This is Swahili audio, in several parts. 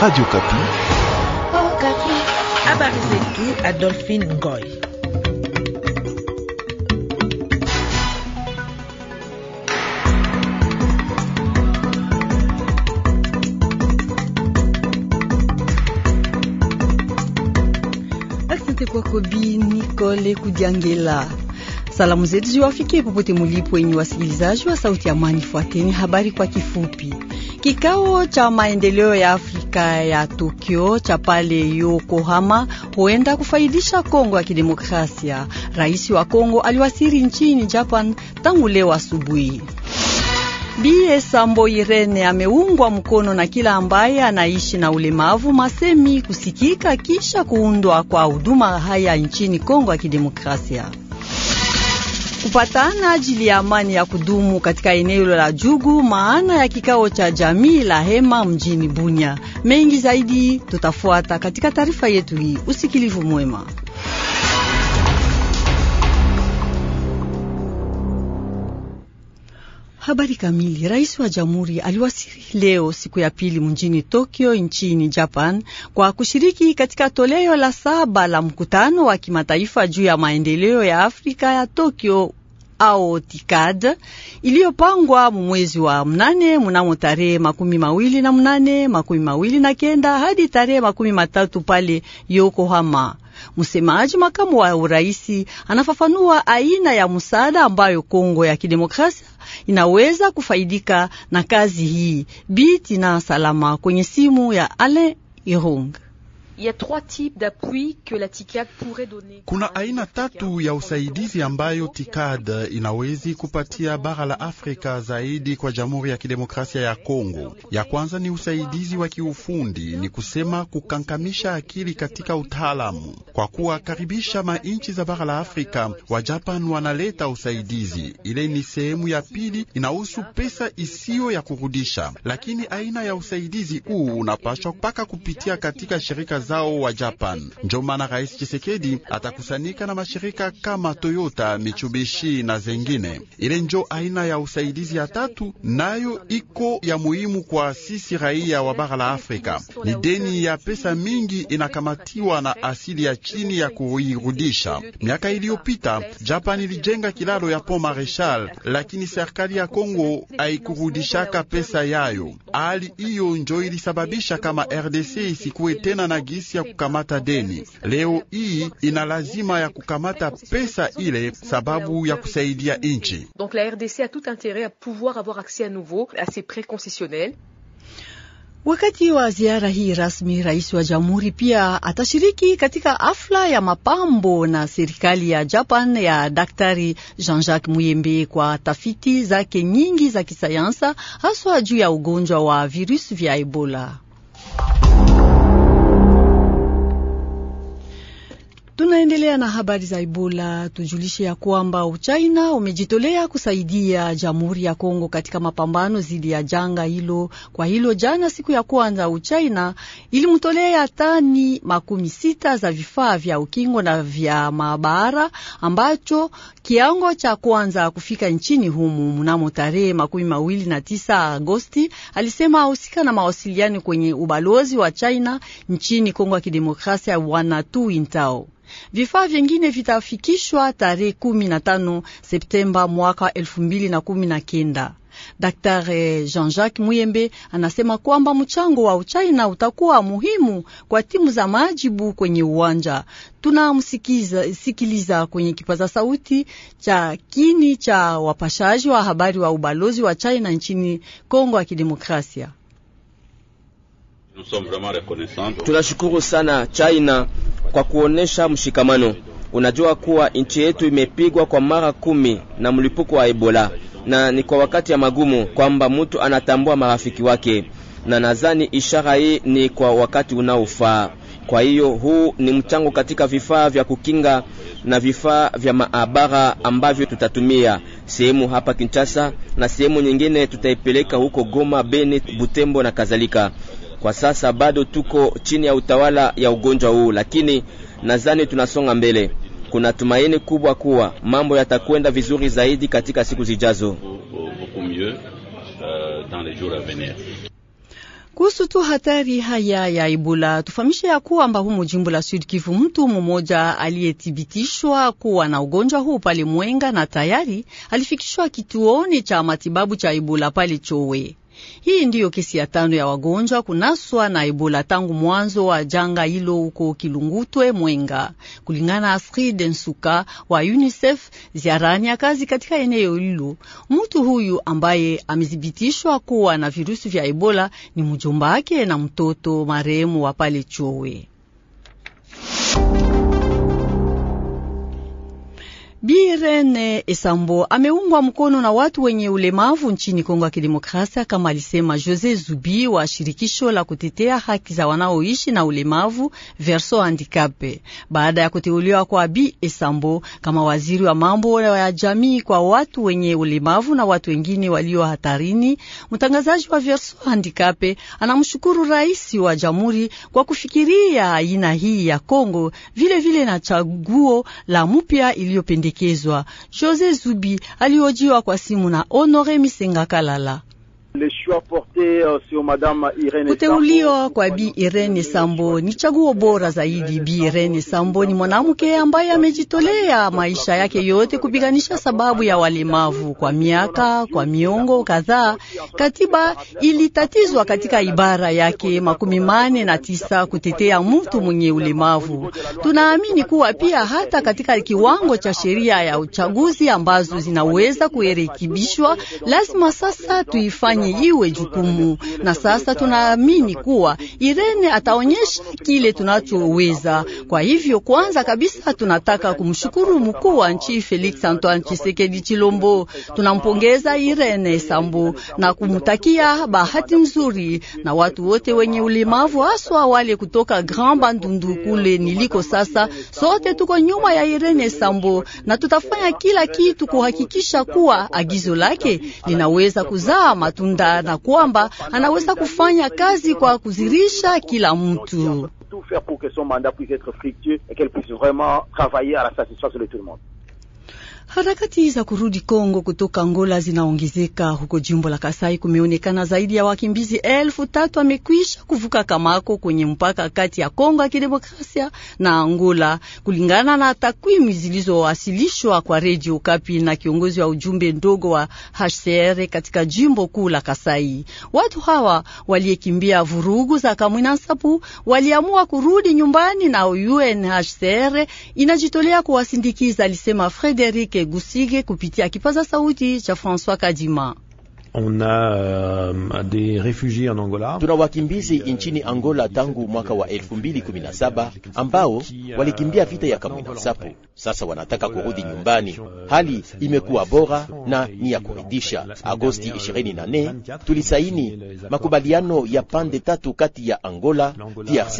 Radio Kapi. Oh, Kapi. Habari zetu Adolphine Ngoy. Asante kwako Bi Nicole Kudiangela. Salamu zetu ziwafikie popote mulipo, enyi wasikilizaji wa Sauti ya Amani. Fuateni habari kwa kifupi. Kikao cha maendeleo ya Afrika Afrika ya Tokyo cha pale Yokohama huenda kufaidisha Kongo ya Kidemokrasia. Rais wa Kongo aliwasili nchini Japan tangu leo asubuhi. Bie Sambo Irene ameungwa mkono na kila ambaye anaishi na ulemavu masemi kusikika kisha kuundwa kwa huduma haya nchini Kongo ya Kidemokrasia. Kupatana ajili ya amani ya kudumu katika eneo la Jugu, maana ya kikao cha jamii la hema mjini Bunya. Mengi zaidi tutafuata katika taarifa yetu hii. Usikilivu mwema. Habari kamili. Rais wa Jamhuri aliwasili leo siku ya pili mjini Tokyo nchini Japan kwa kushiriki katika toleo la saba la mkutano wa kimataifa juu ya maendeleo ya Afrika ya Tokyo au TICAD iliyopangwa mwezi wa mnane mnamo tarehe makumi mawili na mnane makumi mawili na kenda hadi tarehe makumi matatu pale Yokohama. Msemaji makamu wa uraisi anafafanua aina ya msaada ambayo Kongo ya Kidemokrasia inaweza kufaidika na kazi hii. Biti na salama kwenye simu ya Alain Irung ya trois types d'appui que la TICAD pourrait donner. Kuna aina tatu ya usaidizi ambayo TICAD inawezi kupatia bara la Afrika zaidi kwa Jamhuri ya Kidemokrasia ya Kongo. Ya kwanza ni usaidizi wa kiufundi, ni kusema kukankamisha akili katika utaalamu kwa kuwakaribisha mainchi za bara la Afrika. Wa Japan wanaleta usaidizi, ile ni sehemu ya pili, inahusu pesa isiyo ya kurudisha, lakini aina ya usaidizi huu unapaswa mpaka kupitia katika shirika zao wa Japan. Ndio maana Rais Chisekedi atakusanika na mashirika kama Toyota, Mitsubishi na zengine. Ile njo aina ya usaidizi ya tatu, nayo iko ya muhimu kwa sisi raia wa bara la Afrika. Ni deni ya pesa mingi inakamatiwa na asili ya chini ya kuirudisha. Miaka iliyopita Japan ilijenga kilalo ya Pont Marechal, lakini serikali ya Kongo haikurudishaka pesa yayo. Hali hiyo njo ilisababisha kama RDC isikuwe tena na jinsi ya kukamata deni. Leo hii ina lazima ya kukamata pesa ile sababu ya kusaidia nchi. Donc la RDC a tout interet a pouvoir avoir nouveau prêts concessionnels. Wakati wa ziara hii rasmi, rais wa jamhuri pia atashiriki katika afla ya mapambo na serikali ya Japan ya Daktari Jean-Jacques Muyembe kwa tafiti zake nyingi za kisayansa haswa juu ya ugonjwa wa virusi vya Ebola. Tunaendelea na habari za Ebola. Tujulishe ya kwamba Uchina umejitolea kusaidia Jamhuri ya Kongo katika mapambano dhidi ya janga hilo. Kwa hilo, jana siku ya kwanza, Uchina ilimtolea tani makumi sita za vifaa vya ukingo na vya maabara, ambacho kiango cha kwanza kufika nchini humu mnamo tarehe makumi mawili na tisa Agosti, alisema ahusika na mawasiliano kwenye ubalozi wa China nchini Kongo ya Kidemokrasia, Wanatu Intao. Vifaa vyengine vitafikishwa tarehe 15 Septemba mwaka 2019. Daktari Jean-Jacques Muyembe anasema kwamba mchango wa Uchina utakuwa muhimu kwa timu za majibu kwenye uwanja. Tunamsikiliza kwenye kipaza sauti cha kini cha wapashaji wa habari wa ubalozi wa China nchini Kongo ya Kidemokrasia. Tunashukuru sana China kwa kuonesha mshikamano. Unajua kuwa nchi yetu imepigwa kwa mara kumi na mlipuko wa Ebola, na ni kwa wakati ya magumu kwamba mtu anatambua marafiki wake, na nadhani ishara hii ni kwa wakati unaofaa. Kwa hiyo huu ni mchango katika vifaa vya kukinga na vifaa vya maabara ambavyo tutatumia sehemu hapa Kinshasa na sehemu nyingine tutaipeleka huko Goma, Beni, Butembo na kadhalika. Kwa sasa bado tuko chini ya utawala ya ugonjwa huu, lakini nadhani tunasonga mbele. Kuna tumaini kubwa kuwa mambo yatakwenda vizuri zaidi katika siku zijazo. Euh, Kuhusu tu hatari haya ya Ebola, tufahamishe ya kwamba humo jimbo la Sud Kivu mtu mmoja aliyethibitishwa kuwa na ugonjwa huu pale Mwenga na tayari alifikishwa kituoni cha matibabu cha Ebola pale Chowe. Hii ndiyo kesi ya tano ya wagonjwa kunaswa na Ebola tangu mwanzo wa janga hilo huko Kilungutwe Mwenga, kulingana na Afride Nsuka wa UNICEF ziarani ya kazi katika eneo hilo. Mtu huyu ambaye amethibitishwa kuwa na virusi vya Ebola ni mjomba wake na mtoto marehemu wa pale Chowe. Birene Esambo ameungwa mkono na watu wenye ulemavu nchini Kongo ya Kidemokrasia, kama alisema Jose Zubi wa shirikisho la kutetea haki za wanaoishi na ulemavu Verso Handikape, baada ya kuteuliwa kwa Bi Esambo kama waziri wa mambo ya jamii kwa watu wenye ulemavu na watu wengine walio hatarini. Mtangazaji wa Verso Handikape anamshukuru rais wa jamhuri kwa kufikiria aina hii ya Kongo, vilevile vile na chaguo la mpya iliyopendeza kupendekezwa. Jose Zubi alihojiwa kwa simu na Honore Misenga Kalala. Euh, Kuteuliwa kwa Bi Irene Sambo ni chaguo bora zaidi. Bi Irene Sambo ni mwanamke ambaye amejitolea maisha yake yote kupiganisha sababu ya walemavu. Kwa miaka kwa miongo kadhaa, katiba ilitatizwa katika ibara yake makumi mane na tisa kutetea mtu mwenye ulemavu. Tunaamini kuwa pia hata katika kiwango cha sheria ya uchaguzi ambazo zinaweza kurekebishwa, lazima sasa tuifanye ifanye iwe jukumu, na sasa tunaamini kuwa Irene ataonyesha kile tunachoweza. Kwa hivyo, kwanza kabisa tunataka kumshukuru mkuu wa nchi Felix Antoine Tshisekedi Chilombo. Tunampongeza Irene Sambo na kumtakia bahati nzuri, na watu wote wenye ulemavu, haswa wale kutoka Grand Bandundu kule niliko sasa. Sote tuko nyuma ya Irene Sambo na tutafanya kila kitu kuhakikisha kuwa agizo lake linaweza kuzaa matunda muda na kwamba anaweza kufanya kazi kwa kuzirisha kila mtu. Harakati za kurudi Kongo kutoka Angola zinaongezeka huko jimbo la Kasai. Kumeonekana zaidi ya wakimbizi elfu tatu amekwisha kuvuka Kamako kwenye mpaka kati ya Kongo ya Kidemokrasia na Angola, kulingana na takwimu zilizowasilishwa kwa Redio Kapi na kiongozi wa ujumbe ndogo wa HCR katika jimbo kuu la Kasai. Watu hawa waliekimbia vurugu za Kamwina Nsapu waliamua kurudi nyumbani, na UNHCR inajitolea kuwasindikiza, alisema Frederic Kegusige kupitia kipaza sauti cha François Kadima. On a, uh, des réfugiés en Angola. Tuna wakimbizi nchini Angola tangu mwaka wa 2017 ambao walikimbia vita ya Kamwina Nsapu. Sasa wanataka kurudi nyumbani. Hali imekuwa bora na ni ya kuridhisha. Agosti 24 tulisaini makubaliano ya pande tatu kati ya Angola, DRC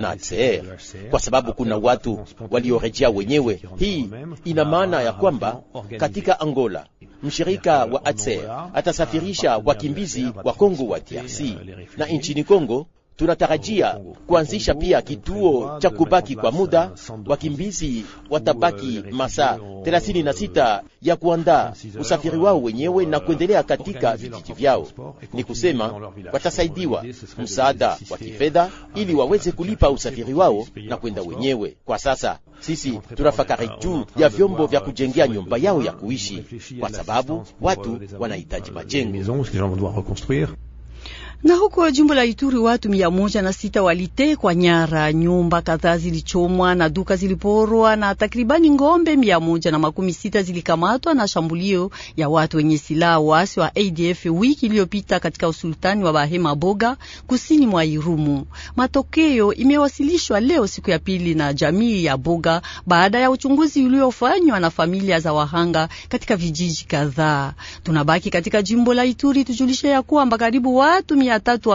na HCR kwa sababu kuna watu waliorejea wenyewe. Hii ina maana ya kwamba katika Angola mshirika wa ATSER atasafirisha wakimbizi wa Kongo wa DRC na nchini Kongo Tunatarajia kuanzisha pia kituo cha kubaki kwa muda. Wakimbizi watabaki masaa 36 ya kuandaa usafiri wao wenyewe na kuendelea katika vijiji vyao, ni kusema watasaidiwa msaada wa kifedha ili waweze kulipa usafiri wao na kwenda wenyewe. Kwa sasa sisi tunafakari juu ya vyombo vya kujengea nyumba yao ya kuishi, kwa sababu watu wanahitaji majengo. Na huko jimbo la Ituri watu mia moja na sita walitekwa nyara, nyumba kadhaa zilichomwa na duka ziliporwa, na takribani ngombe mia moja na makumi sita zilikamatwa na shambulio ya watu wenye silaha waasi wa ADF wiki iliyopita katika usultani wa Bahema Boga kusini mwa Irumu. Matokeo imewasilishwa leo siku ya pili na jamii ya Boga baada ya uchunguzi uliofanywa na familia za wahanga katika vijiji kadhaa. Tunabaki katika jimbo la Ituri tujulishe ya kuwa mbakaribu watu mia tatu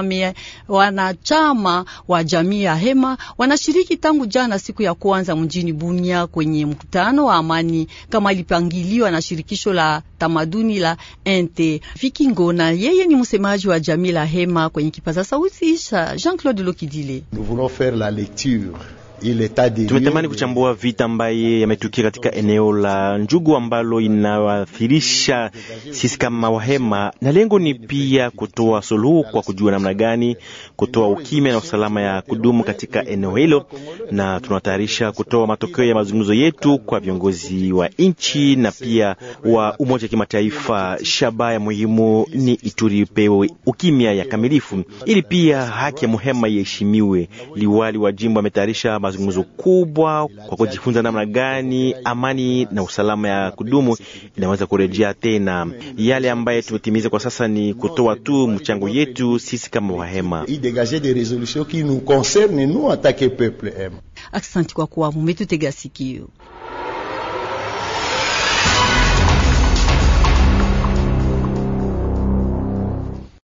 wanachama wa jamii ya Hema wanashiriki tangu jana siku ya kwanza mjini Bunia kwenye mkutano wa amani kama ilipangiliwa na shirikisho la tamaduni la Inte. Viki Ngona yeye ni msemaji wa jamii la Hema kwenye kipaza sauti cha Jean-Claude Lokidile. Nous voulons faire la lecture Tumetamani kuchambua vita ambaye yametukia katika eneo la Njugu ambalo inawaathirisha sisi kama Wahema, na lengo ni pia kutoa suluhu kwa kujua namna gani kutoa ukimya na usalama ya kudumu katika eneo hilo, na tunatayarisha kutoa matokeo ya mazungumzo yetu kwa viongozi wa nchi na pia wa umoja wa kimataifa. shaba ya muhimu ni Ituri ipewe ukimya ya kamilifu ili pia haki ya Muhema iheshimiwe. Liwali wa jimbo ametayarisha mazungumzo kubwa kwa kujifunza namna gani amani na usalama ya kudumu inaweza kurejea tena. Yale ambaye tumetimiza kwa sasa ni kutoa tu mchango yetu sisi kama Wahema. Aksanti kwa kuwa mumetutega sikio.